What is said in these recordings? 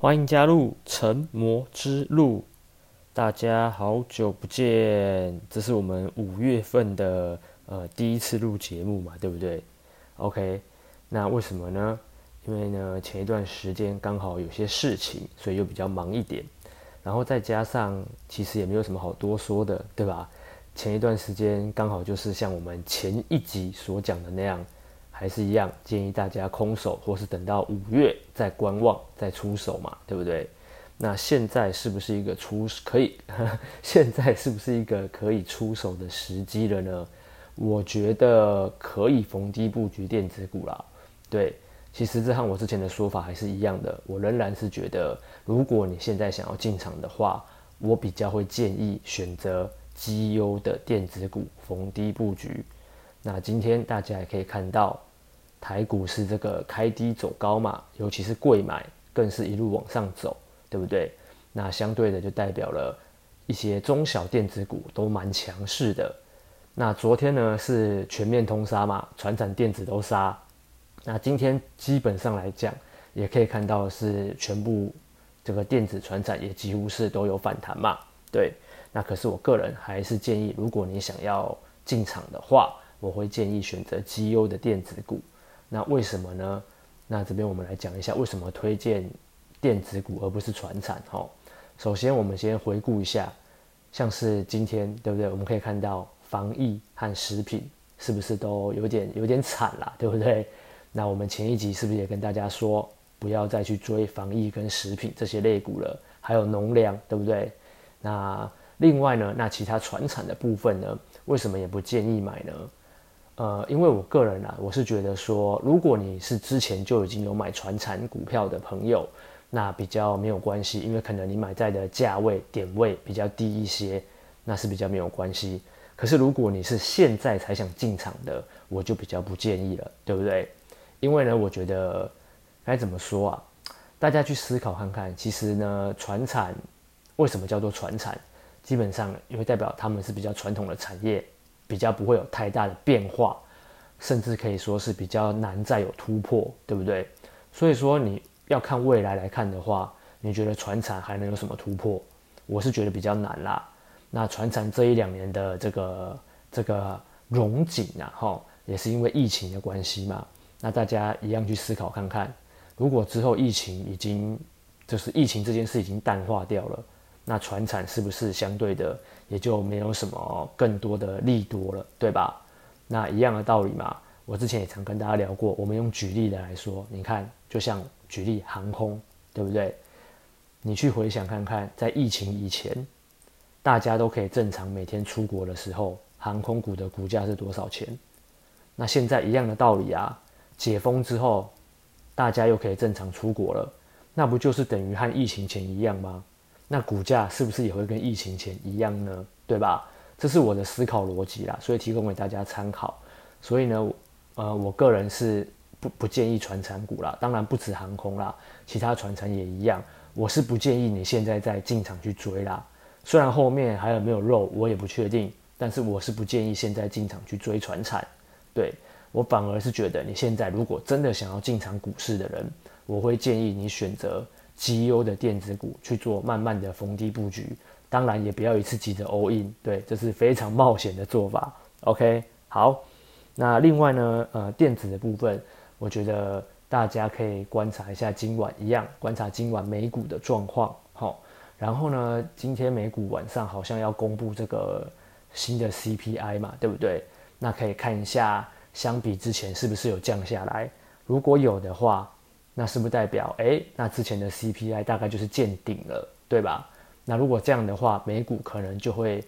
歡迎加入成魔之路，大家好久不見，這是我們五月份的呃第一次錄節目嘛，對不對？OK，那為什麼呢？因為呢前一段時間剛好有些事情，所以又比較忙一點，然後再加上其實也沒有什麼好多說的，對吧？前一段時間剛好就是像我們前一集所講的那樣。還是一樣，建議大家空手，或是等到五月再觀望，再出手嘛，對不對？那現在是不是一個出可以呵呵？現在是不是一個可以出手的時機了呢？我覺得可以逢低布局電子股啦。對，其實這和我之前的說法還是一樣的。我仍然是覺得，如果你現在想要進場的話，我比較會建議選擇績優的電子股逢低布局。那今天大家也可以看到。台股是這個開低走高嘛，尤其是櫃買，更是一路往上走，對不對？那相對的就代表了一些中小電子股都蠻強勢的。那昨天呢是全面通殺嘛，傳產電子都殺。那今天基本上來講，也可以看到是全部這個電子傳產也幾乎是都有反彈嘛，對。那可是我個人還是建議，如果你想要進場的話，我會建議選擇績優的電子股。那為什麼呢？那這邊我們來講一下為什麼推薦電子股而不是傳產齁。首先，我們先回顧一下，像是今天對不對？我們可以看到防疫和食品是不是都有點有點慘啦，對不對？那我們前一集是不是也跟大家說，不要再去追防疫跟食品這些類股了，還有農糧，對不對？那另外呢，那其他傳產的部分呢，為什麼也不建議買呢？呃，因為我個人啊，我是覺得說，如果你是之前就已經有買傳產股票的朋友，那比較沒有關係，因為可能你買在的價位點位比較低一些，那是比較沒有關係。可是如果你是現在才想進場的，我就比較不建議了，對不對？因為呢，我覺得該怎麼說啊？大家去思考看看，其實呢，傳產為什麼叫做傳產？基本上也會代表他們是比較傳統的產業。比較不會有太大的變化，甚至可以說是比較難再有突破，對不對？所以說你要看未來來看的話，你覺得傳產還能有什麼突破？我是覺得比較難啦。那傳產這一兩年的這個這個榮景啊，吼，也是因為疫情的關係嘛。那大家一樣去思考看看，如果之後疫情已經就是疫情這件事已經淡化掉了。那傳產是不是相對的，也就沒有什麼更多的利多了，對吧？那一樣的道理嘛。我之前也常跟大家聊過，我們用舉例的來說，你看，就像舉例航空，對不對？你去回想看看，在疫情以前，大家都可以正常每天出國的時候，航空股的股價是多少錢？那現在一樣的道理啊，解封之後，大家又可以正常出國了，那不就是等於和疫情前一樣嗎？那股價是不是也會跟疫情前一樣呢？對吧？這是我的思考邏輯啦，所以提供給大家參考。所以呢，呃，我個人是不不建議傳產股啦，當然不止航空啦，其他傳產也一樣。我是不建議你現在在進場去追啦。雖然後面還有沒有肉，我也不確定，但是我是不建議現在進場去追傳產。對，我反而是覺得你現在如果真的想要進場股市的人，我會建議你選擇。績優的電子股去做，慢慢的逢低布局，當然也不要一次急着 all in，對，這是非常冒險的做法。OK，好，那另外呢，呃，電子的部分，我覺得大家可以觀察一下今晚一樣，觀察今晚美股的狀況，好。然後呢，今天美股晚上好像要公布這個新的 CPI 嘛，對不對？那可以看一下，相比之前是不是有降下來，如果有的話。那是不是代表，哎，那之前的 CPI 大概就是見頂了，對吧？那如果這樣的話，美股可能就會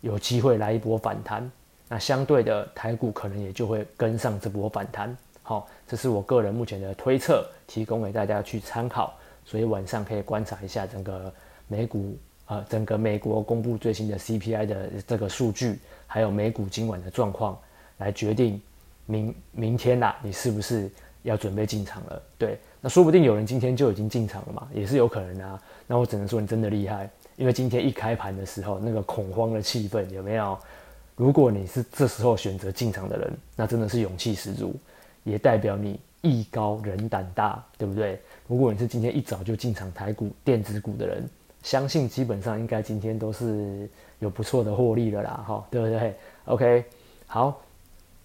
有機會來一波反彈，那相對的，台股可能也就會跟上這波反彈。好，哦，這是我個人目前的推測，提供給大家去參考。所以晚上可以觀察一下整個美股，啊、呃，整個美國公布最新的 CPI 的這個數據，還有美股今晚的狀況，來決定明明天啦，你是不是要準備進場了，對，那說不定有人今天就已經進場了嘛，也是有可能啊。那我只能說你真的厲害，因為今天一開盤的時候那個恐慌的氣氛有沒有？如果你是這時候選擇進場的人，那真的是勇氣十足，也代表你藝高人膽大，對不對？如果你是今天一早就進場台股電子股的人，相信基本上應該今天都是有不錯的獲利了啦，哈，對不對，嘿？OK，好。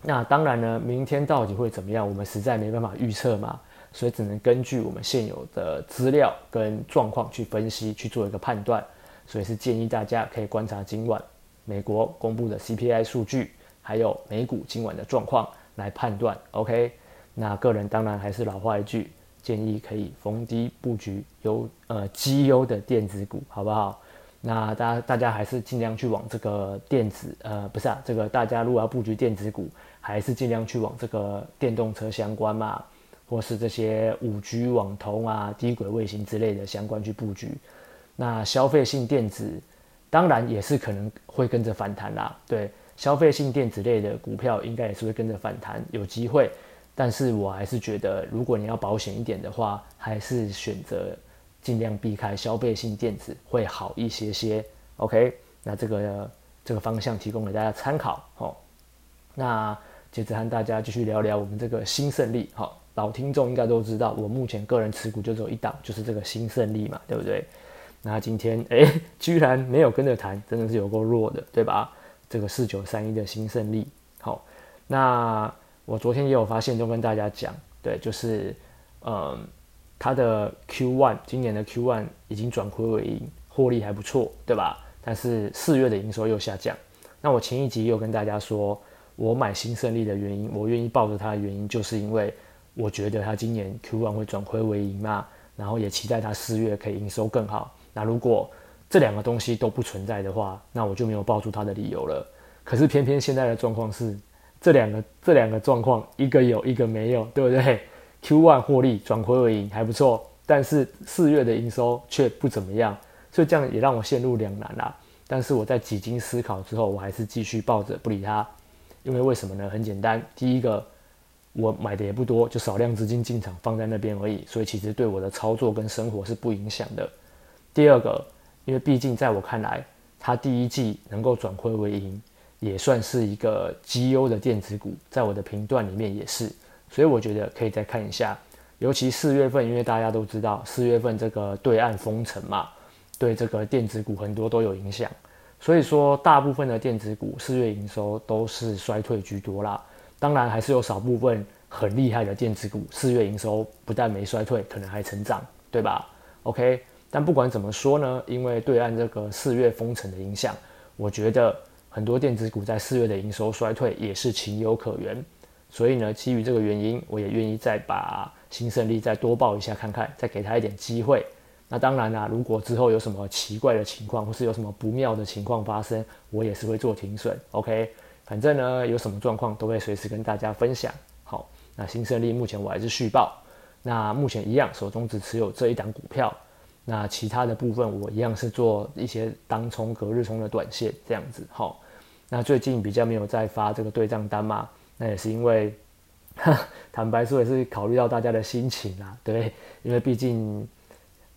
那當然呢，明天到底會怎麼樣，我們實在沒辦法預測嘛，所以只能根據我們現有的資料跟狀況去分析，去做一個判斷。所以是建議大家可以觀察今晚美國公布的 CPI 數據，還有美股今晚的狀況來判斷。OK，那個人當然還是老話一句，建議可以逢低布局優，呃，績優的電子股，好不好？那大家大家還是儘量去往這個電子，呃，不是啊，這個大家如果要布局電子股，還是儘量去往這個電動車相關嘛，或是這些五 G 網通啊、低軌衛星之類的相關去布局。那消費性電子當然也是可能會跟着反彈啦，對，消費性電子類的股票應該也是會跟着反彈，有機會。但是我還是覺得，如果你要保險一點的話，還是選擇。盡量避開消費性電子會好一些些，OK？那這個、呃、這個方向提供給大家參考，好，那接着和大家繼續聊聊我們這個新勝利，好，老聽眾應該都知道，我目前個人持股就只有一檔，就是這個新勝利嘛，對不對？那今天誒、欸，居然沒有跟着談，真的是有夠弱的，對吧？這個四九三一的新勝利，好，那我昨天也有發現，就跟大家講，對，就是嗯。他的 Q1，今年的 Q1 已經轉虧為盈，獲利還不錯，對吧？但是四月的營收又下降。那我前一集又跟大家說，我買新勝利的原因，我願意抱着它的原因，就是因為我覺得它今年 Q1 會轉虧為盈嘛，然後也期待它四月可以營收更好。那如果這兩個東西都不存在的話，那我就沒有抱住它的理由了。可是偏偏現在的狀況是，這兩個這兩個狀況，一個有一個沒有，對不對？Q1 獲利轉虧為盈還不錯，但是四月的營收卻不怎麼樣，所以這樣也讓我陷入兩難啦、啊。但是我在幾經思考之後，我還是繼續抱着不理它，因為為什麼呢？很簡單，第一個，我買的也不多，就少量資金進場放在那邊而已，所以其實對我的操作跟生活是不影響的。第二個，因為畢竟在我看來，它第一季能夠轉虧為盈，也算是一個績優的電子股，在我的評斷裡面也是。所以我覺得可以再看一下，尤其四月份，因為大家都知道四月份這個對岸封城嘛，對這個電子股很多都有影響。所以說，大部分的電子股四月營收都是衰退居多啦。當然，還是有少部分很厲害的電子股四月營收不但沒衰退，可能還成長，對吧？OK，但不管怎麼說呢，因為對岸這個四月封城的影響，我覺得很多電子股在四月的營收衰退也是情有可原。所以呢，基於這個原因，我也願意再把新勝利再多報一下看看，再給他一點機會。那當然啦、啊，如果之後有什麼奇怪的情況，或是有什麼不妙的情況發生，我也是會做停損。OK，反正呢，有什麼狀況都會隨時跟大家分享。好，那新勝利目前我還是續報。那目前一樣，手中只持有這一檔股票。那其他的部分，我一樣是做一些當沖、隔日沖的短線這樣子。好，那最近比較沒有再發這個對賬單嘛。那也是因為，哈，坦白說也是考慮到大家的心情啊，對，因為畢竟，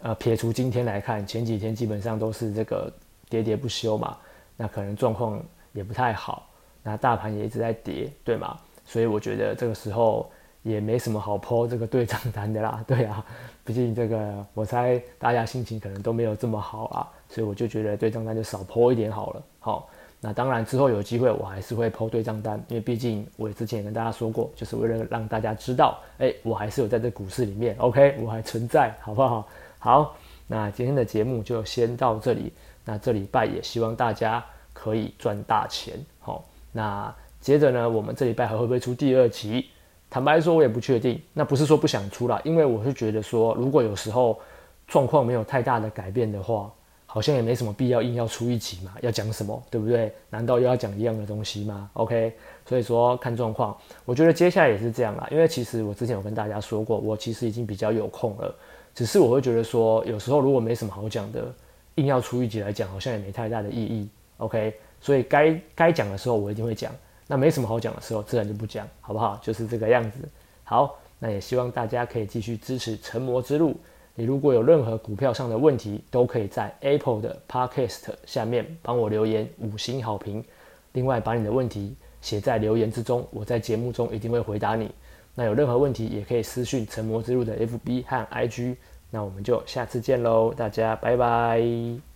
呃，撇除今天來看，前幾天基本上都是這個喋喋不休嘛，那可能狀況也不太好，那大盤也一直在跌，對嗎？所以我覺得這個時候也沒什麼好拋這個對賬單的啦，對啊，畢竟這個我猜大家心情可能都沒有這麼好啊，所以我就覺得對賬單就少拋一點好了，好。那當然，之後有機會我還是會 PO 對帳單，因為畢竟我之前也跟大家說過，就是為了讓大家知道，哎，我還是有在這股市裡面，OK，我還存在，好不好？好，那今天的節目就先到這裡。那這禮拜也希望大家可以賺大錢，齁。那接着呢，我們這禮拜還會不會出第二集？坦白說，我也不確定。那不是說不想出啦，因為我是覺得說，如果有時候狀況沒有太大的改變的話。好像也沒什麼必要硬要出一集嘛，要講什麼，對不對？難道又要講一樣的東西嗎？OK，所以說看狀況，我覺得接下來也是這樣啦。因為其實我之前有跟大家說過，我其實已經比較有空了，只是我會覺得說，有時候如果沒什麼好講的，硬要出一集來講，好像也沒太大的意義。OK，所以該該講的時候我一定會講，那沒什麼好講的時候自然就不講，好不好？就是這個樣子。好，那也希望大家可以繼續支持成魔之路。你如果有任何股票上的問題，都可以在 Apple 的 Podcast 下面幫我留言五星好評。另外，把你的問題寫在留言之中，我在節目中一定會回答你。那有任何問題也可以私訊《成魔之路》的 FB 和 IG。那我們就下次見嘍，大家拜拜。